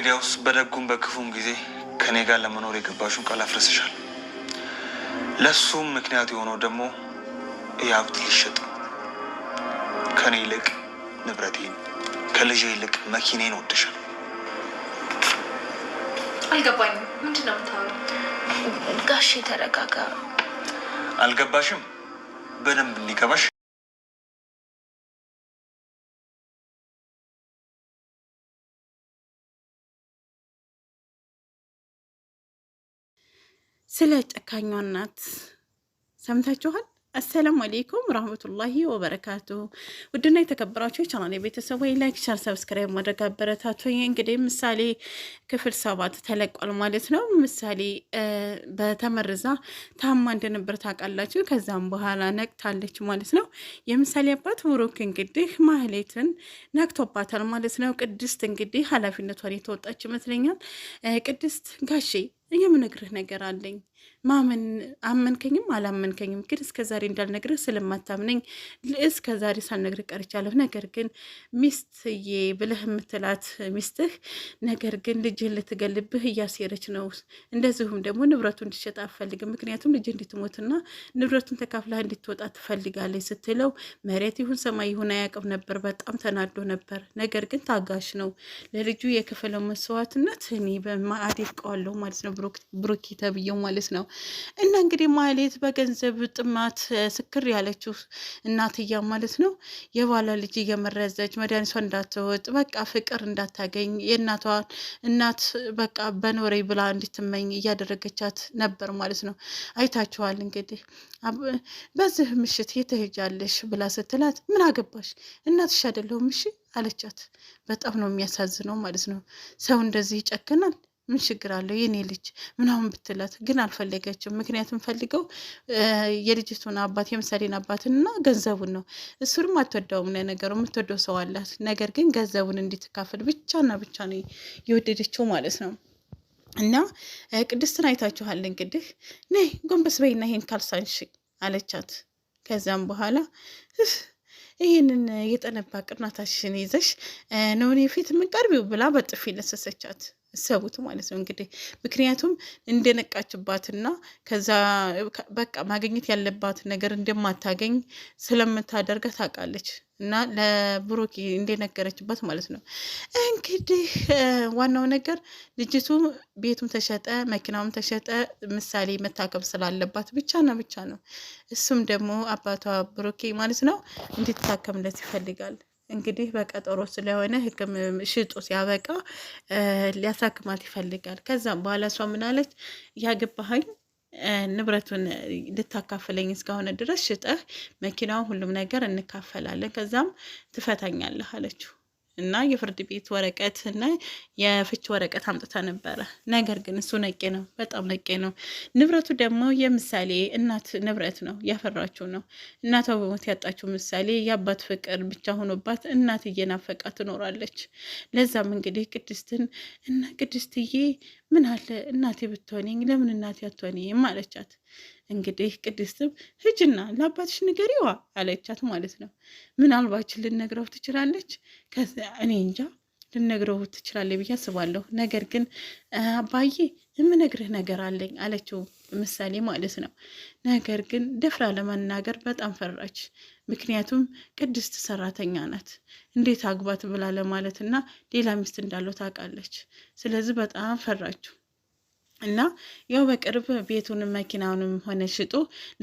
እንግዲያውስ በደጉም በክፉም ጊዜ ከኔ ጋር ለመኖር የገባሹን ቃል አፍርሰሻል። ለሱም ምክንያት የሆነው ደግሞ የሀብት ሊሸጥ ከኔ ይልቅ ንብረቴን ከልጄ ይልቅ መኪኔን ወደሻል። አልገባኝም። ምንድን ነው የምታወራው? ጋሼ ተረጋጋ። አልገባሽም? በደንብ እንዲገባሽ ስለ ጨካኟ እናት ሰምታችኋል። አሰላሙ አሌይኩም ረህመቱላሂ ወበረካቱ። ውድና የተከበራችሁ የቻናል ቤተሰብ ወይ ላይክ፣ ሸር፣ ሰብስክራይብ ማድረግ አበረታቱ። እንግዲህ ምሳሌ ክፍል ሰባት ተለቋል ማለት ነው። ምሳሌ በተመርዛ ታማ እንደነበር ታውቃላችሁ። ከዛም በኋላ ነቅታለች ማለት ነው። የምሳሌ አባት ብሩክ እንግዲህ ማህሌትን ነቅቶባታል ማለት ነው። ቅድስት እንግዲህ ኃላፊነቷን የተወጣች ይመስለኛል። ቅድስት ጋሼ የምነግርህ ነገር አለኝ። ማመን አመንከኝም አላመንከኝም ግን እስከ ዛሬ እንዳልነግርህ ስለማታምነኝ እስከ ዛሬ ሳልነግርህ ቀርቻለሁ። ነገር ግን ሚስትዬ ብለህ የምትላት ሚስትህ ነገር ግን ልጅህን ልትገልብህ እያሴረች ነው። እንደዚሁም ደግሞ ንብረቱ እንዲሸጥ አትፈልግም። ምክንያቱም ልጅ እንዲትሞትና ንብረቱን ተካፍላህ እንድትወጣ ትፈልጋለች ስትለው መሬት ይሁን ሰማይ ይሁን አያውቅም ነበር። በጣም ተናዶ ነበር። ነገር ግን ታጋሽ ነው። ለልጁ የከፈለው መስዋዕትነት እኔ በማዕድ ይፍቀዋለሁ ማለት ነው። ብሩኬ ተብዬው ማለት ነው። እና እንግዲህ ማህሌት በገንዘብ ጥማት ስክር ያለችው እናትያ ማለት ነው የባሏ ልጅ እየመረዘች መድኃኒቷ እንዳትወጥ በቃ ፍቅር እንዳታገኝ የእናቷ እናት በቃ በኖሬ ብላ እንድትመኝ እያደረገቻት ነበር ማለት ነው። አይታችኋል እንግዲህ በዚህ ምሽት የተሄጃለሽ ብላ ስትላት ምን አገባሽ እናትሽ አይደለሁም እሺ አለቻት። በጣም ነው የሚያሳዝነው ማለት ነው። ሰው እንደዚህ ይጨክናል። ምን ችግር አለው የኔ ልጅ ምናምን ብትላት ግን አልፈለገችም። ምክንያቱም ፈልገው የልጅቱን አባት የምሳሌን እና ገንዘቡን ነው። እሱንም አትወደውም ነገሩ፣ የምትወደው ሰው አላት። ነገር ግን ገንዘቡን እንዲትካፈል ብቻና ብቻ ነው የወደደችው ማለት ነው። እና ቅድስትን አይታችኋል እንግዲህ። ነይ ጎንበስ በይና ይሄን ካልሳንሽ አለቻት። ከዚያም በኋላ ይህንን የጠነባ ቅናታሽን ይዘሽ ነውን የፊት የምንቀርቢው ብላ በጥፊ ለሰሰቻት። ሰቡት ማለት ነው እንግዲህ ምክንያቱም እንደነቃችባትና ከዛ በቃ ማግኘት ያለባትን ነገር እንደማታገኝ ስለምታደርገ ታውቃለች እና ለብሩክ እንደነገረችበት ማለት ነው። እንግዲህ ዋናው ነገር ልጅቱ ቤቱም ተሸጠ፣ መኪናውም ተሸጠ። ምሳሌ መታከም ስላለባት ብቻ ነው ብቻ ነው። እሱም ደግሞ አባቷ ብሩኬ ማለት ነው እንድትታከምለት ይፈልጋል። እንግዲህ በቀጠሮ ስለሆነ ሕክም ሽጦ ሲያበቃ ሊያሳክማት ይፈልጋል። ከዛም በኋላ እሷ ምናለች ያገባሃኝ ንብረቱን ልታካፍለኝ እስከሆነ ድረስ ሽጠህ መኪናውን፣ ሁሉም ነገር እንካፈላለን፣ ከዛም ትፈታኛለህ አለችው። እና የፍርድ ቤት ወረቀት እና የፍች ወረቀት አምጥታ ነበረ። ነገር ግን እሱ ነቄ ነው፣ በጣም ነቄ ነው። ንብረቱ ደግሞ የምሳሌ እናት ንብረት ነው፣ ያፈራችው ነው። እናቷ በሞት ያጣችው ምሳሌ የአባት ፍቅር ብቻ ሆኖባት እናት እየናፈቃ ትኖራለች። ለዛም እንግዲህ ቅድስትን እና ቅድስትዬ ምን አለ እናቴ ብትሆነኝ ለምን እናቴ አትሆነኝም አለቻት። እንግዲህ ቅድስትም ሂጂና ለአባትሽ ንገሪዋ አለቻት ማለት ነው። ምናልባችን ልነግረው ትችላለች፣ እኔ እንጃ ልነግረው ትችላለች ብዬ አስባለሁ። ነገር ግን አባዬ የምነግርህ ነገር አለኝ አለችው። ምሳሌ ማለት ነው። ነገር ግን ደፍራ ለመናገር በጣም ፈራች። ምክንያቱም ቅድስት ሰራተኛ ናት፣ እንዴት አግባት ብላ ለማለት እና ሌላ ሚስት እንዳለው ታውቃለች። ስለዚህ በጣም ፈራችሁ እና ያው በቅርብ ቤቱንም መኪናውንም ሆነ ሽጦ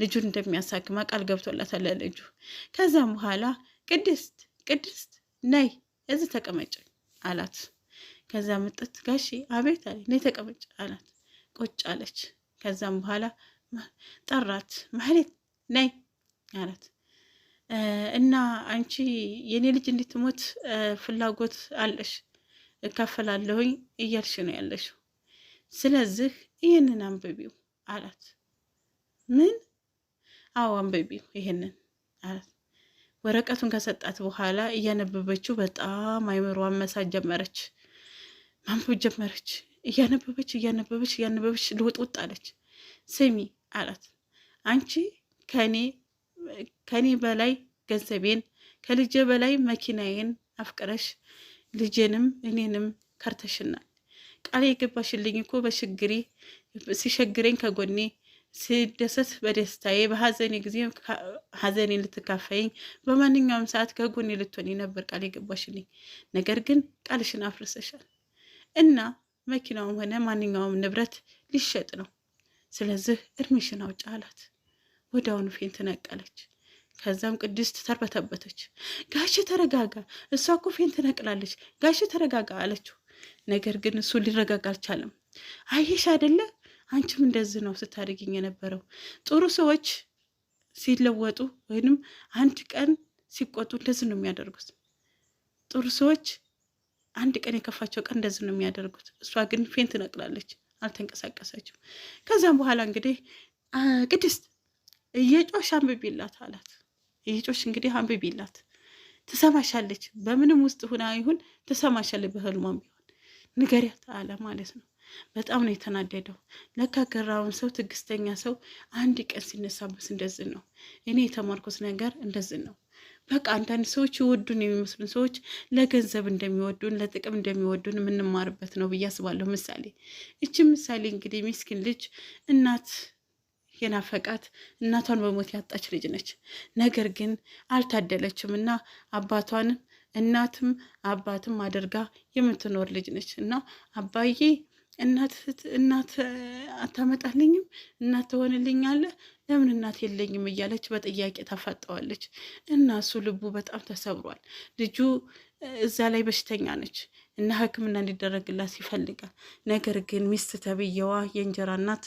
ልጁን እንደሚያሳክማ ቃል ገብቶላታል ለልጁ። ከዛም በኋላ ቅድስት ቅድስት ነይ እዚህ ተቀመጭ አላት። ከዛ ምጥት ጋሺ አቤት አለ ነይ ተቀመጭ አላት። ቁጭ አለች። ከዛም በኋላ ጠራት። ማህሌት ነይ አላት። እና አንቺ የኔ ልጅ እንድትሞት ፍላጎት አለሽ እካፈላለሁኝ እያልሽ ነው ያለሽው። ስለዚህ ይህንን አንብቢው አላት። ምን? አዎ አንብቢው ይህንን አላት። ወረቀቱን ከሰጣት በኋላ እያነበበችው በጣም አይምሮ አመሳት ጀመረች፣ ማንበብ ጀመረች። እያነበበች እያነበበች እያነበበች ልውጥውጥ አለች። ስሚ አላት፣ አንቺ ከኔ ከኔ በላይ ገንዘቤን ከልጄ በላይ መኪናዬን አፍቅረሽ ልጄንም እኔንም ከርተሽናል። ቃል የገባሽልኝ እኮ በችግሬ ሲሸግረኝ ከጎኔ ስደሰት በደስታዬ በሀዘኔ ጊዜ ሀዘኔ ልትካፈይኝ በማንኛውም ሰዓት ከጎኔ ልትሆኔ ነበር ቃል የገባሽልኝ። ነገር ግን ቃልሽን አፍርሰሻል እና መኪናውም ሆነ ማንኛውም ንብረት ሊሸጥ ነው። ስለዚህ እድሜሽን አውጪ አላት። ወዲያውኑ ፌን ትነቀለች። ከዛም ቅድስት ተርበተበተች። ጋሽ ተረጋጋ፣ እሷ እኮ ፌን ትነቅላለች፣ ጋሽ ተረጋጋ አለችው። ነገር ግን እሱ ሊረጋጋ አልቻለም። አይሽ አይደለ አንቺም እንደዚህ ነው ስታደርጊኝ የነበረው። ጥሩ ሰዎች ሲለወጡ ወይንም አንድ ቀን ሲቆጡ እንደዚህ ነው የሚያደርጉት። ጥሩ ሰዎች አንድ ቀን የከፋቸው ቀን እንደዚህ ነው የሚያደርጉት። እሷ ግን ፌን ትነቅላለች፣ አልተንቀሳቀሰችም። ከዚያም በኋላ እንግዲህ ቅድስት እየጮሽ አንብቢላት አላት። እየጮሽ እንግዲህ አንብቢላት ትሰማሻለች። በምንም ውስጥ ሁና ይሁን ትሰማሻለች፣ በህልሟም ቢሆን ንገሪያት አለ ማለት ነው። በጣም ነው የተናደደው። ለካ ገራውን ሰው ትዕግስተኛ ሰው አንድ ቀን ሲነሳበት እንደዚህ ነው። እኔ የተማርኩት ነገር እንደዚህ ነው። በቃ አንዳንድ ሰዎች ይወዱን የሚመስሉን ሰዎች ለገንዘብ እንደሚወዱን ለጥቅም እንደሚወዱን የምንማርበት ነው ብዬ አስባለሁ። ምሳሌ እቺ ምሳሌ እንግዲህ ሚስኪን ልጅ እናት የናፈቃት እናቷን በሞት ያጣች ልጅ ነች። ነገር ግን አልታደለችም እና አባቷንም እናትም አባትም አድርጋ የምትኖር ልጅ ነች እና አባዬ እናት እናት አታመጣልኝም እናት ትሆንልኛለህ ለምን እናት የለኝም እያለች በጥያቄ ተፋጠዋለች እና እሱ ልቡ በጣም ተሰብሯል። ልጁ እዛ ላይ በሽተኛ ነች እና ሕክምና እንዲደረግላት ይፈልጋል። ነገር ግን ሚስት ተብዬዋ የእንጀራ እናት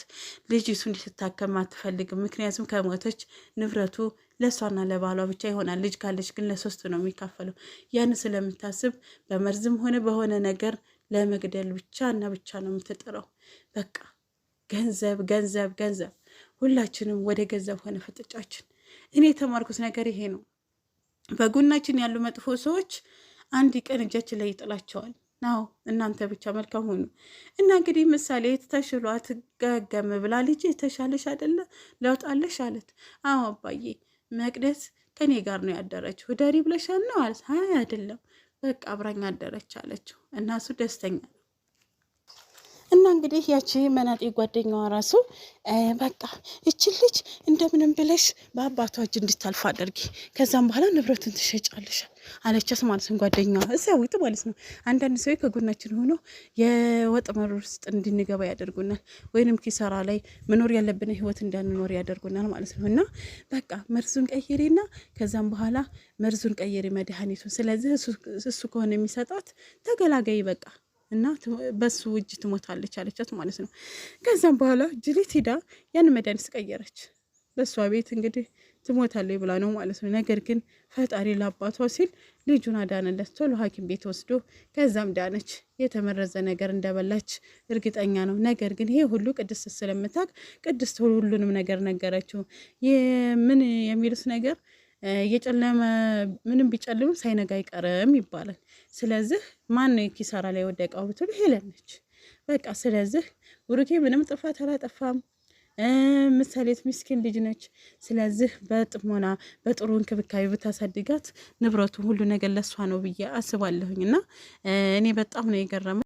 ልጅ እሱ እንድትታከም አትፈልግም። ምክንያቱም ከሞተች ንብረቱ ለእሷና ለባሏ ብቻ ይሆናል። ልጅ ካለች ግን ለሶስት ነው የሚካፈለው። ያን ስለምታስብ በመርዝም ሆነ በሆነ ነገር ለመግደል ብቻ እና ብቻ ነው የምትጥረው። በቃ ገንዘብ ገንዘብ ገንዘብ ሁላችንም ወደ ገንዘብ ሆነ ፍጥጫችን። እኔ የተማርኩት ነገር ይሄ ነው። በጎናችን ያሉ መጥፎ ሰዎች አንድ ቀን እጃችን ላይ ይጥላቸዋል። ናው እናንተ ብቻ መልካም ሆኑ እና እንግዲህ ምሳሌ የተሻለ አትገገም ብላ ልጅ የተሻለሽ አደለ ለውጣለሽ አለት። አዎ አባዬ መቅደስ ከኔ ጋር ነው ያደረችው። ደሪ ብለሻል ነው አለ። አይ አይደለም በቃ አብራኝ አደረች አለችው እና እሱ ደስተኛ ነው። እና እንግዲህ ያቺ መናጤ ጓደኛዋ ራሱ በቃ እችን ልጅ እንደምንም ብለሽ በአባቷ እጅ እንድታልፍ አድርጊ፣ ከዛም በኋላ ንብረቱን ትሸጫለሽ አለቻት ማለት ነው። ጓደኛ እዚያ ውጥ ማለት ነው። አንዳንድ ሰው ከጎናችን ሆኖ የወጥ መሮር ውስጥ እንድንገባ ያደርጉናል፣ ወይንም ኪሳራ ላይ መኖር ያለብን ህይወት እንዳንኖር ያደርጉናል ማለት ነው። እና በቃ መርዙን ቀይሪና ከዛም በኋላ መርዙን ቀይሬ መድኃኒቱን። ስለዚህ እሱ ከሆነ የሚሰጣት ተገላጋይ በቃ እና በሱ እጅ ትሞታለች አለቻት ማለት ነው። ከዛም በኋላ ጅሊት ሂዳ ያን መድኃኒት ቀየረች። በእሷ ቤት እንግዲህ ትሞታለች ብላ ነው ማለት ነው። ነገር ግን ፈጣሪ ላባቷ ሲል ልጁን አዳነለት። ቶሎ ሐኪም ቤት ወስዶ ከዛም ዳነች። የተመረዘ ነገር እንደበላች እርግጠኛ ነው። ነገር ግን ይሄ ሁሉ ቅድስት ስለምታውቅ ቅድስት ሁሉንም ነገር ነገረችው። ምን የሚሉት ነገር የጨለመ ምንም ቢጨልምም ሳይነጋ አይቀርም ይባላል። ስለዚህ ማን ነው ኪሳራ ላይ ወደቀው ብትሉ ሄለን ነች። በቃ ስለዚህ ብሩኬ ምንም ጥፋት አላጠፋም። ምሳሌት ሚስኪን ልጅ ነች። ስለዚህ በጥሞና በጥሩ እንክብካቤ ብታሳድጋት ንብረቱ ሁሉ ነገር ለሷ ነው ብዬ አስባለሁኝ እና እኔ በጣም ነው የገረመው።